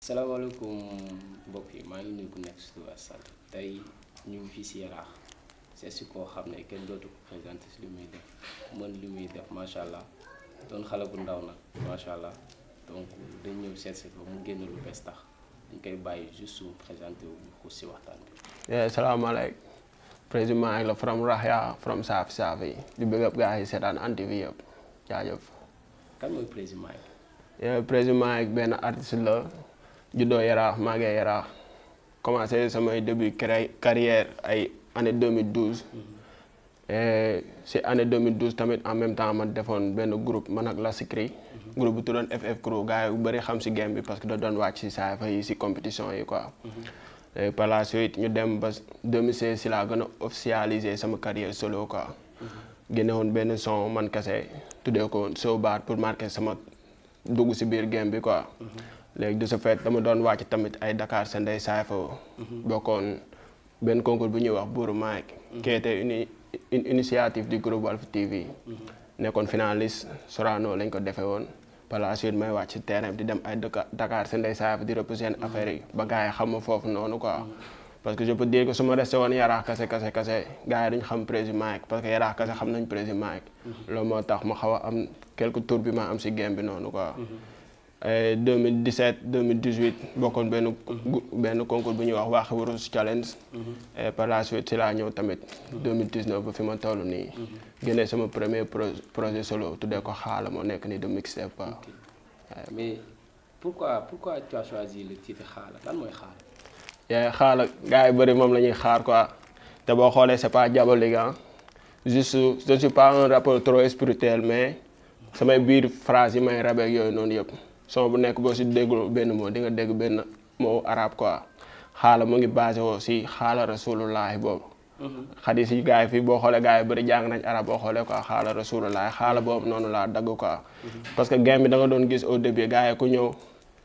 salaamaaleykum mbokk yi maa ngi nuyu ku nekk surtout ak sant tey ñu ngi fii si yaraax c'est si koo xam ne kenn dootu ko présenté si li muy def mën li muy def macha allah doon xale bu ndaw nag macha allah donc dañ ñëw seet si mu génn lu koy bàyyi juste mu présenté wu ñu xuus si waxtaan bi. Eh, salaamaaleykum président ak la from Rahya from Saafi Saafi di bëgg ab gars yi seetaan Hann TV yëpp jaajëf. kan mooy président ak. Eh, président ak benn artiste la. juddoo yaraax maagee yaraax commencé samay début carrière ay année 2012 euh c'est année 2012 tamit en même temps man defoon ben groupe man ak la Sikri groupe bu tuddoon FF Crew gars yi bari xam ci game bi parce que do doon wacc ci sa fa yi ci compétition yi quoi. Mhm. et par la suite ñu dem ba 2016 si la gëna officialiser sama carrière solo quoi. Mhm. génne won ben son man kasse tudé ko woon Sow pour marquer sama dugg ci bir game bi quoi. Mhm. léegi du ce fait dama doon wàcc tamit ay dakaar sa ndey saay fa mhm. bokkoon benn concours bu ñuy wax Buuru Mike mhm. qui était une une initiative du groupe Walf TV mhm. nekkoon finaliste Sorano lañ ko defee woon par la suite may wàcc si terrain bi di dem ay dakaar sa ndey saay fa di repousser seen affaire yi ba gars yi xam ma foofu noonu quoi parce que je peux dire que su ma resté woon yaraax kase kase kase gars yi duñ xam président Mike parce que yaraax kase xam nañ président Mike moo tax ma xaw a am quelque tour bi ma am si game bi noonu quoi 2017 eh, 2018 bokkoon benn benn concours bu ñuy wax challenge. Mhm. et eh, par la suite ci laa ñëw tamit. 2019 mhm. ba fi ma toll nii. Mhm. génnee sama premier projet solo tuddee ko xaala moo nek ni de mixtape quoi. mais pourquoi pourquoi tu as choisi le titre xaala lan mooy xaala. yaa eh, xaala gars yi bëri moom la xaar quoi te boo xoolee c'est pas diabolique hein. juste je suis pas un rappeur trop spirituel mais samay biir phrase yi may rabeeg yooyu noonu yëpp. son bu nekk boo si déglu benn moo di nga dégg benn moo arab quoi xaala mu ngi basé woo si xaala rasulullahi boobu mm-hmm. xadis yi gars yi fii boo xoolee gars yi bëri jàng nañ arab boo xoolee quoi xaala rasulullah xaala boobu noonu laa dagg quoi. Mm-hmm. parce que game mi da doon gis au début gars yi ku ñëw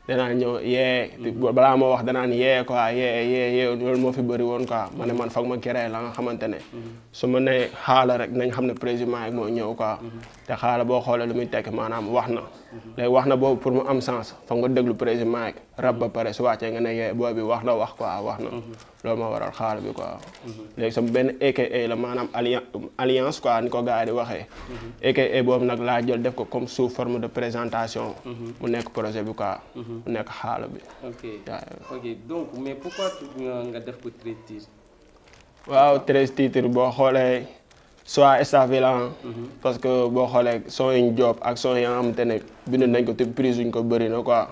danaan ñëw yee. Mm-hmm. balaa moo wax danaa yee quoi yee yee loolu moo fi bëri woon quoi ma ne man foog ma créé la nga xamante ne. su ma nee xaala rek nañ xam ne président yi moo ñëw quoi. te xaala boo xoolee lu muy tekki maanaam wax na léegi wax na boobu pour mu am sens fa nga déglu président rek rab ba pare su wàccee nga ne boobu wax na wax quoi wax na loolu moo waral xaala bi quoi léegi sa benn aka la maanaam alliance quoi ni ko gars yi di waxee aka boobu nag laa jol def ko comme sous forme de présentation mu nekk projet bi quoi mu nekk xaala bi ok ok donc mais pourquoi nga def ko waaw treize titres boo xoolee soit staff bi la parce que boo xoolee son yi ñu job ak son yi nga xamante ne bind nañ ko te prise ñu ko bëri na quoi.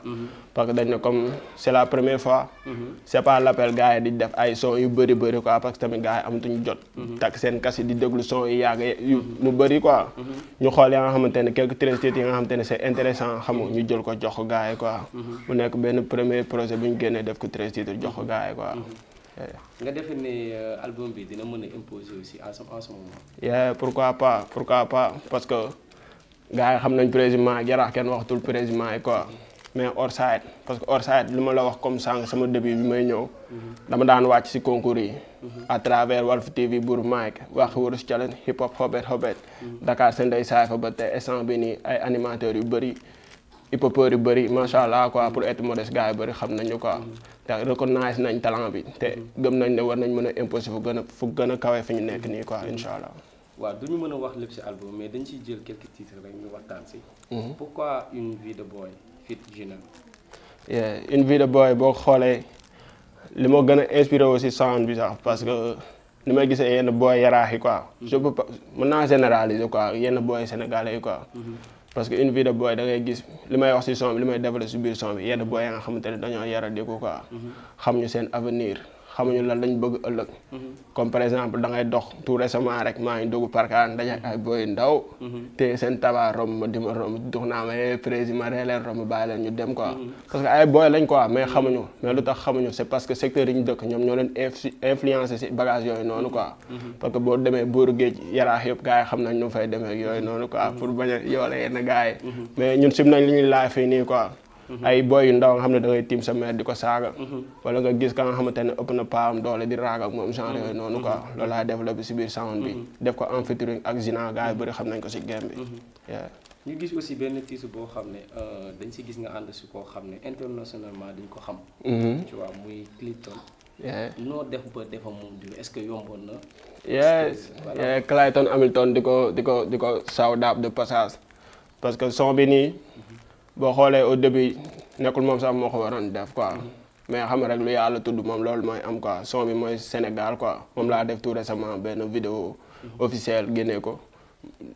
parce que dañ ne comme c' la première fois. c' est pas l' appel gars di def ay son yu bëri bëri quoi parce que tamit gars yi amatuñu jot. takk seen kasi di déglu son yi yàgg yu mu bëri quoi. ñu xool ya nga xamante ne quelques treize titres yi nga xamante ne c' est intéressant xam ñu jël ko jox ko gars yi mu nekk benn premier projet bu ñu génnee def ko treize jox ko gars yi quoi. nga defe ni euh, album bi dina mën a imposer aussi en ce en ce moment. yeah pourquoi pas pourquoi pas parce que gars yi xam nañ président jaraax kenn waxtul président yi quoi mais hors side parce que hors side li ma la wax comme sànq sama début bi may ñëw. dama daan wàcc si concours yi. à travers Walf TV Bour Mike waxi wurus challenge hip hop hobet hobet. Mhm. Dakar seen day saay fa ba tey instant bi nii ay animateurs yu bëri. hip-hopeurs yu bëri macha allah quoi pour être modeste gars yi bëri xam nañu quoi te reconnaissent nañ talent bi te gëm nañ ne war nañ mën a imposer fu gën a fu gën a fi ñu nekk nii quoi incha allah. waaw du ñu mën a wax lépp ci album mais dañ ciy jël quelques titres rek ñu waxtaan ci. Mhm. pourquoi une vie de boy fit une vie boy boo xoolee li ma gën a inspiré aussi sound bi sax parce que. ni may gisee yenn booy yaraax yi quoi. Mhm. je peux pas mën naa généraliser quoi yenn booy sénégalais yi quoi. Mhm. parce que une vie de boy da ngay gis li may wax si son bi li may développé si biir son bi yenn nga xamante ne dañoo yara di ko quoi. Mhm. xam ñu seen avenir. xamuñu lan lañ bëgg ëllëg. Mhm. comme par exemple da ngay dox tout récemment rek maa ngi dugg parkaan daje ak ay booy ndaw. Mhm. te seen tabac romb di ma romb dox naa ma yee président ma ree romb bàyyi leen ñu dem quoi. Mhm. parce que ay booy lañ quoi mais xamuñu mais lu tax xamuñu c' est parce que secteur yi ñu dëkk ñoom ñoo leen influencé si bagage yooyu noonu quoi. parce que boo demee buuru yaraax yëpp gars xam nañ ñu fay demee yooyu noonu quoi pour bañ yenn gars yi. Mm-hmm. ay boy yu ndaw nga xam ne da ngay tiim sa mère di ko saaga mm-hmm. wala nga gis ka nga xamante ne ëpp na paam doole di raag ak moom genre yooyu mm-hmm. noonu quoi loolu laay développé si biir sound bi def ko en featuring ak ko si game bi ñu gis aussi benn titre boo xam ne euh, dañ si gis nga ànd si ko xam ne internationalement dañ ko xam tu vois muy Clayton noo def ba defa moom diw est-ce que yomboon na Clayton Hamilton di ko di ko di ko saw daab de passage parce que son bi nii boo xoolee au début nekkul moom sax moo ko waroon def quoi mais xam rek lu yàlla tudd moom loolu mooy am quoi son bi mooy Sénégal quoi moom laa def tout récemment benn vidéo mhm. officielle génnee ko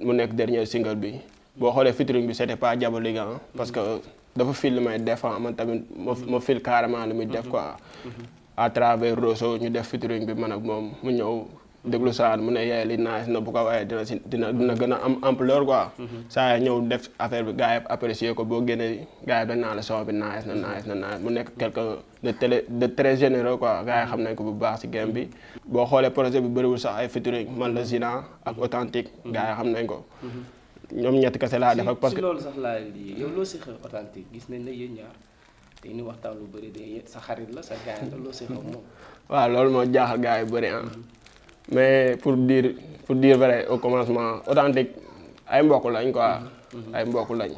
mu nekk dernier single bi boo xoolee featuring bi c'était pas diabolique ah parce que dafa fil li may def man tamit mhm. ma fil carrément li muy def mhm. quoi à travers Rosso ñu def featuring bi mën ak moom mu ñëw déglu saa mu ne yaay li naaj na bu ko waaye dina si dina dina gën a am ampleur quoi. Mhm. saa yi ñëw def affaire bi gars yi apprécier ko boo génnee gars yi naa la son bi naaj na naaj na naaj mu nekk quelque de télé de très généreux xam nañ ko bu baax si game bi. boo xoolee projet bi bëriwul sax ay featuring man la Zina ak authentique mhm. gars xam nañ ko. Mhm. ñoom ñett kese laa def ak parce que loolu sax laa lii yow gis nañ ne yéen ñaar te ñu waxtaan lu bëri de sa la sa waaw loolu moo jaaxal gars yi bëri ah. mais pour dire pour diir vrai au commencement authentique ay mbokk lañ quoi. Mhm. ay mbokk lañ.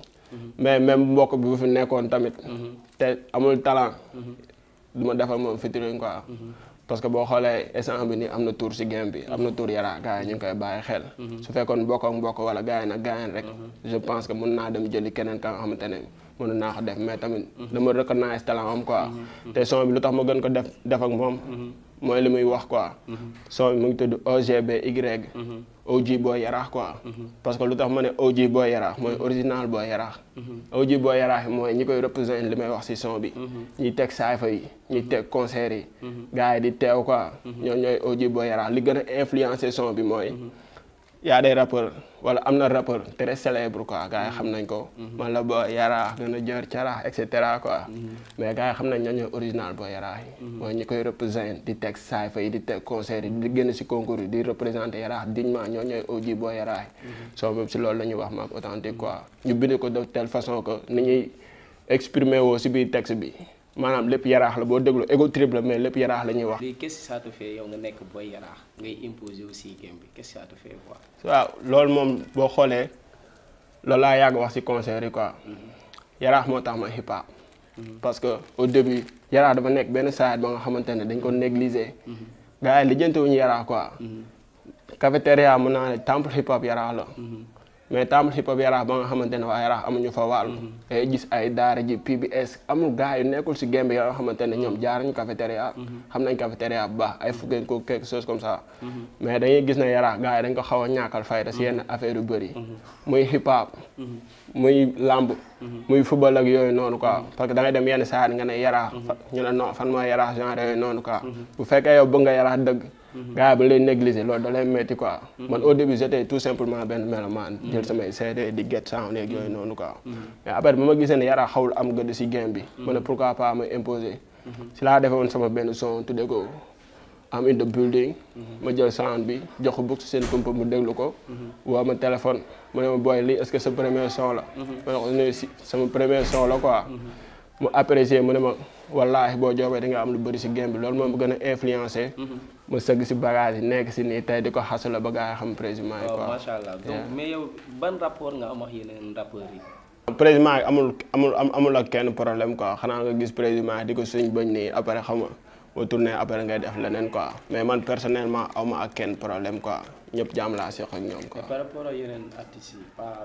mais même mbokk bi bu fi nekkoon tamit. Mhm. te amul talent. Mhm. du ma defal moom featuring quoi. parce que boo xoolee essence bi nii am na tour si game bi am na tour yaraa gars yi ñu ngi koy bàyyi xel. su fekkoon mbokk ak mbokk wala gars yi nag gars yi rek. je pense que mun naa dem jëli keneen ka nga xamante ne mën naa ko def mais tamit. dama recognize talent am quoi. te son bi lu tax ma gën ko def def ak moom. mooy li muy wax quoi. Mm-hmm. son bi mu ngi tudd OGBY. Mm-hmm. OG Boy Yaraax quoi. Mm-hmm. parce que lu tax ma ne OG Boy Yaraax mooy original Boy Yaraax. OG Boy Yaraax mooy ñi koy représenté li may wax ci son bi. ñi teg saafa yi ñi teg concert yi. gars yi di teew quoi. ñoo ñooy OG Boy Yaraax li gën a influencé son bi mooy. y a des rappeurs wala am na rappeur très célèbre quoi gars yi xam nañ ko. Mhm. man la boo yaraax gën a jër caraax et cetera quoi. Mhm. mais gars yi xam nañ ñooñu original boo yaraax yi. Mhm. mooy ñi koy représenter di teg saay fa yi di teg concert di génn si concours di représenter yaraax dignement ñoo ñooy OG boo yaraax yi. soo moom si loolu la ñuy wax maam authentique quoi ñu bind ko de telle façon que ni ñuy exprimer woo si biir texte bi. manam lepp yaraax la bo déglu ego trip la mais lepp yaraax lañuy wax. léegi qu'est-ce que ça te fait yow nga nek booy yaraax ngay imposer aussi game bi qu'est-ce que ça te fait quoi. waaw lool mom bo xolé loolu laa yàgg wax ci concert yi quoi mm-hmm. yaraax moo tax ma hip hop. Mm-hmm. parce que au début yaraax dama nek ben saa ba nga xamantene dañ ko négliger. Mm-hmm. gars yi lijjantewuñu yaraax quoi. cafétéria mo na ne temple hip hop yaraax la. mais taamul hip hop yaraax ba nga xamante ne waa yaraax amuñu fa wàll ngay mhm. gis ay daara ji PBS amul gars yu nekkul si gembe yoo xamante ne ñoom mhm. jaar nañu cafétéria mhm. xam nañ cafétéria bu baax ay fukkeen ko quelque chose comme ça mais dañuy gis ne yaraax gars yi dañ ko xaw a ñàkkal fayda si yenn affaire yu bëri muy hip hop muy lamb muy football ak yooyu noonu quoi parce que da ngay dem yenn saa nga ne yaraax ñu ne non fan mooy yaraax genre yooyu noonu quoi bu fekkee yow bëgg nga yaraax dëgg gars yi ba lay négliger loolu da lay métti quoi. Mm-hmm. man au début j'étais tout simplement benn mélomane. jël mm-hmm. samay CD di get sound yooyu noonu quoi. Mm-hmm. mais après ba ma gisee ne Yara xawul am gëdd si game bi. ma ne a pas ma imposer. si laa defee woon sama benn son tuddee ko am in the building. ma jël sound bi jox ko bugg seen kumpa mu déglu ko. woo ma téléphone mu ne ma booy lii est-ce que sa premier son la. sama premier son la quoi. mu apprécier mu ne ma wallaahi boo joobee di nga am lu bëri si game bi loolu moom gën a influencé. ma mm-hmm. sëgg si bagage yi nekk si nii tey di ko xasala ba gars xam président yi. quoi macha allah donc mais yow ban rapport nga am ak yeneen rappeurs yi. amul amul amul ak kenn problème quoi xanaa nga gis président di ko suñ bañ nii après xam nga boo tourné après ngay def leneen quoi mais man personnellement awma ak kenn problème quoi ñëpp jaam laa seq ak ñoom quoi. ak yeneen artistes yi pas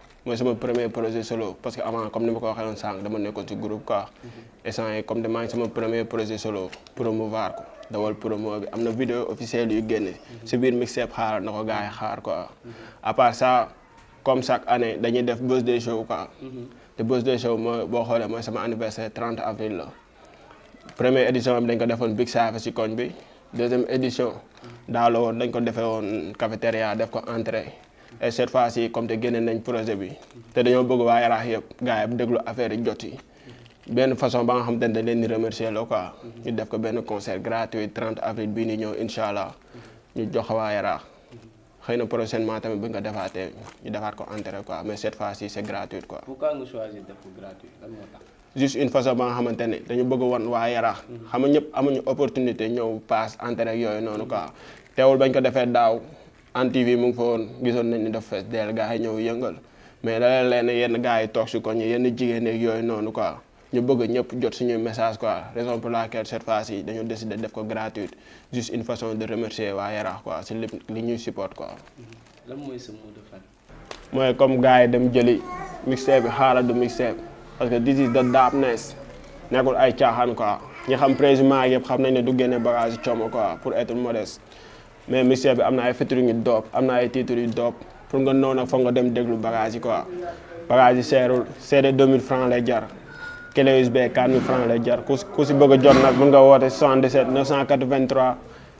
c'est sama premier projet solo parce que avant comme ni avons ko waxee woon sànq dama nekkoon ci groupe quoi. Mhm. et comme demain c'est mon premier projet solo promouvoir ko dawal promo bi am vidéo officielle yu génne. Mhm. c'est bien mixé par nos regards gars quoi. Mhm. à part ça comme chaque année dañuy def buzz des shows quoi. te buzz des shows bon boo xoolee mooy sama anniversaire 30 avril la. première édition on dañ ko defoon Big Safa si koñ bi deuxième édition. dans le dañ ko defee woon cafétéria def ko entrée. et cette fois comme te génne nañ projet bi te dañoo bëgg waa yaraax yëpp gars yi déglu affaire yi jot yi benn façon ba nga xam te ne leen di remercier la quoi def ko benn concert gratuit 30 avril bii ni ñëw incha allah ñu jox waa yaraax xëy na prochainement tamit bu nga defaatee ñu defaat ko entrée quoi mais cette fois ci c' est gratuit quoi. pourquoi nga choisir def ko gratuit lan moo xamante ne dañu bëgg woon waa yaraax mm-hmm. xam nga ñëpp amuñu opportunité ñëw paas entrée ak yooyu noonu quoi teewul bañ ko defee daaw. en TV mu ngi fa woon gisoon nañ ni dafa fees dell gars yi ñëw yëngal mais da leen leen yenn gars yi toog si koñ yenn jigéen yooyu noonu quoi ñu bëgg ñëpp jot suñuy message quoi raison pour laquelle cette fois ci dañu décider def ko gratuite juste une façon de remercier waa Yaraax quoi si lépp li ñuy support quoi. lan mooy sa mot comme gars yi dem jëli mixtape bi xaaral du mixtape parce que this is the darkness nekkul ay caaxaan quoi ñi xam présument yëpp xam nañ ne du génne bagage coomo quoi pour être mais mixtape bi am na ay featuring yu doop am na ay titres yu doop pour nga noonu nag foog nga dem déglu bagage yi quoi bagage yi seerul CD 2000 francs lay jar clé USB 4000 francs lay jar ku ku si bëgg a jot nag mën nga woote 77 983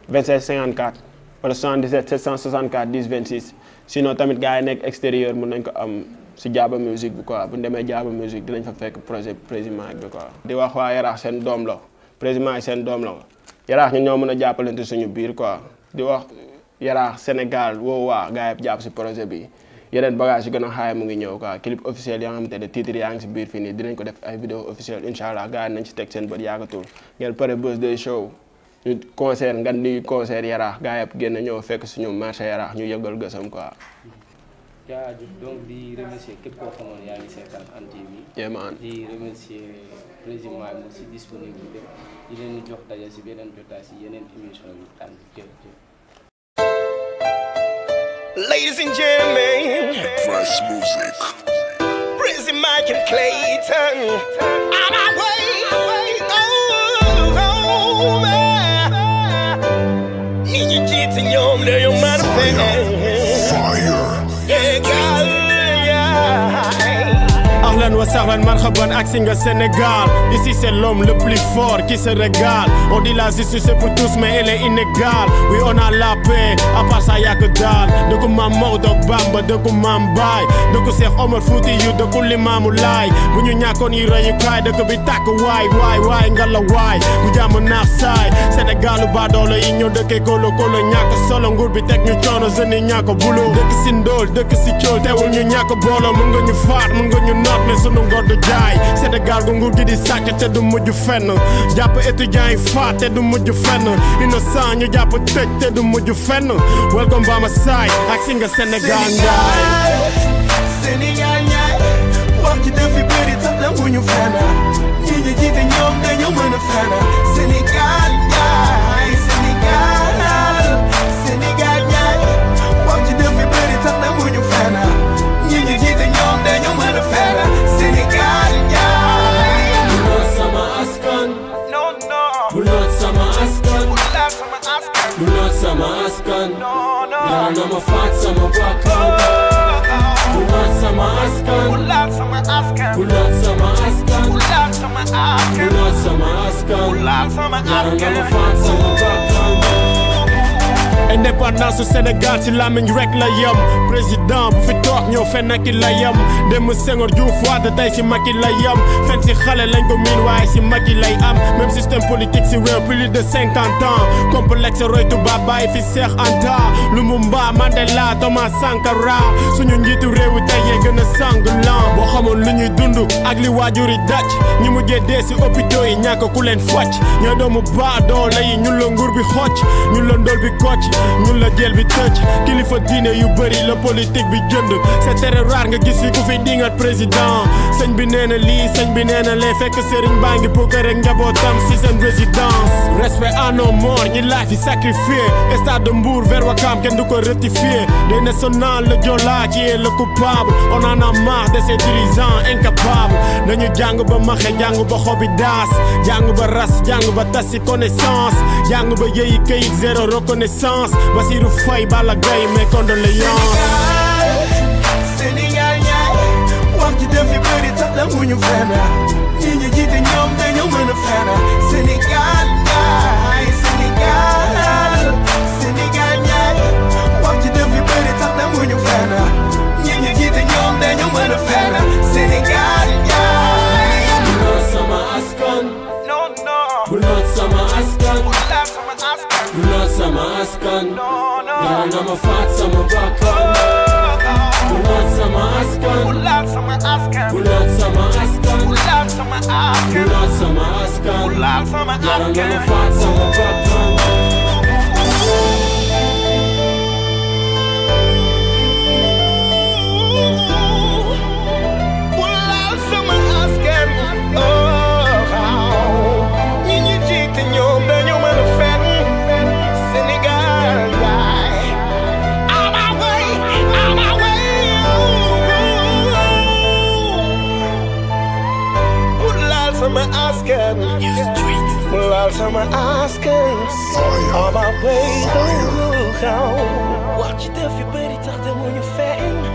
27 54 wala 77 764 10 26 sinon tamit gars yi nekk extérieur mën nañ ko am si Jaaba Music bi quoi bu ñu demee Jaaba Music dinañ fa fekk projet président bi quoi. di wax waa Yaraax seen doom la président yi seen doom la ñoo mën a jàppalante suñu biir quoi. di wax yaraax Sénégal woo waa gars yi jàpp si projet bi yeneen bagage yu gën a xaay ngi ñëw quoi clip officiel yaa nga xamante ne titre yaa ngi si biir fii nii dinañ ko def ay vidéo officiel incha allah gars yi nañ si teg seen bët yaakatul ngeen pare buzz day show ñu concert nga ni concert yaraax gars yi génn ñëw fekk suñu marché yaraax ñu yëgal gësam quoi donc di remercier képp koo xamoon yaa ngi seetaan di remercier président si disponibilité di leen jox daje si beneen jotaay si yeneen émission tànn Ladies and gentlemen, fresh music. Prison Mike and Clayton. On my way, way, oh, Need you Sénégal Ici c'est l'homme le plus fort qui se régale On dit la justice c'est pour tous mais elle est inégale Oui on a la ver a passa yaka dal do ko mam mawdo bamba do ko mam bay do ko cheikh omar fouti yu do ko limamu lay bu ñu ñakoon yi rayu kay do ko bi tak way way way ngala way ku jamm naax say senegalu ba doole yi ñoo dëkke ko lo ko lo ñaka solo nguur bi tek ñu coono jeune ñako bulo dëkk si ndol dëkk si ciol teewul ñu ñako bolo mu nga ñu faat mu nga ñu not mais sunu ngor du jaay senegal gu nguur gi di sàcc te du mujj fenn jàpp étudiant yi faat te du mujj fenn innocent ñu jàpp tëj te du mujj welcome by my side a si nga Sénégal ngaay Sénégal ngaay wax ji dafi bëri tax you fenn ñi ñi jiite ñoom dañu mën a fenn I'm a fine, so I'm indépendance su Sénégal ci làmmiñ rek la yem président bu fi toog ñëw fenn ak i la yem démb Senghor Diouf Wade tey ci Macky la yem fenn ci xale lañ ko miin waaye ci Macky lay am même système politique ci réew plus de cinquante ans complexe roy tubaab bàyyi fi Cheikh Anta Lumumba Mandela Thomas Sankara suñu njiitu réew tey yee gën a sanglant boo xamoon lu ñuy dund ak li waajur yi daj ñi mujjee dee ci hôpitaux ñàkk ku leen focc ñooy doomu baa doole yi ñun la jël bi kilifa diine yu bëri politique bi jënd c'est très rare nga gis fi ku dingat président sëñ bi nee na sëñ bi nee na lee fekk sëriñ respect à nos morts ñi laaj fi sacrifié Mbour vers Wakam du ko le le coupable on en a marre de ces dirigeants incapables nañu jàng ba maxe jàng ba xobi daas ba ras ba connaissance ba reconnaissance condoléances Bassirou Faye Balla wax ji dafi bëri tax da muñu fenn ñi ñu jiite ñoom dañu mën a fenn Sénégal ñaay Sénégal Sénégal wax ji dafi bëri tax da muñu ñu jiite ñoom dañu mën a fenn Sénégal ñaay bu noot sama askan We not some Askan And I'm a fat some Bakan We oh, not some Askan We not some Askan We not some Askan We not some Askan We not some Askan And I'm a fat some Bakan All my askings, all my ways don't look out. Watch it if you better talk them when you're fame.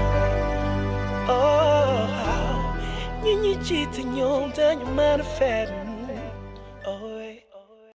Oh, you need cheating, you don't, you're manifesting.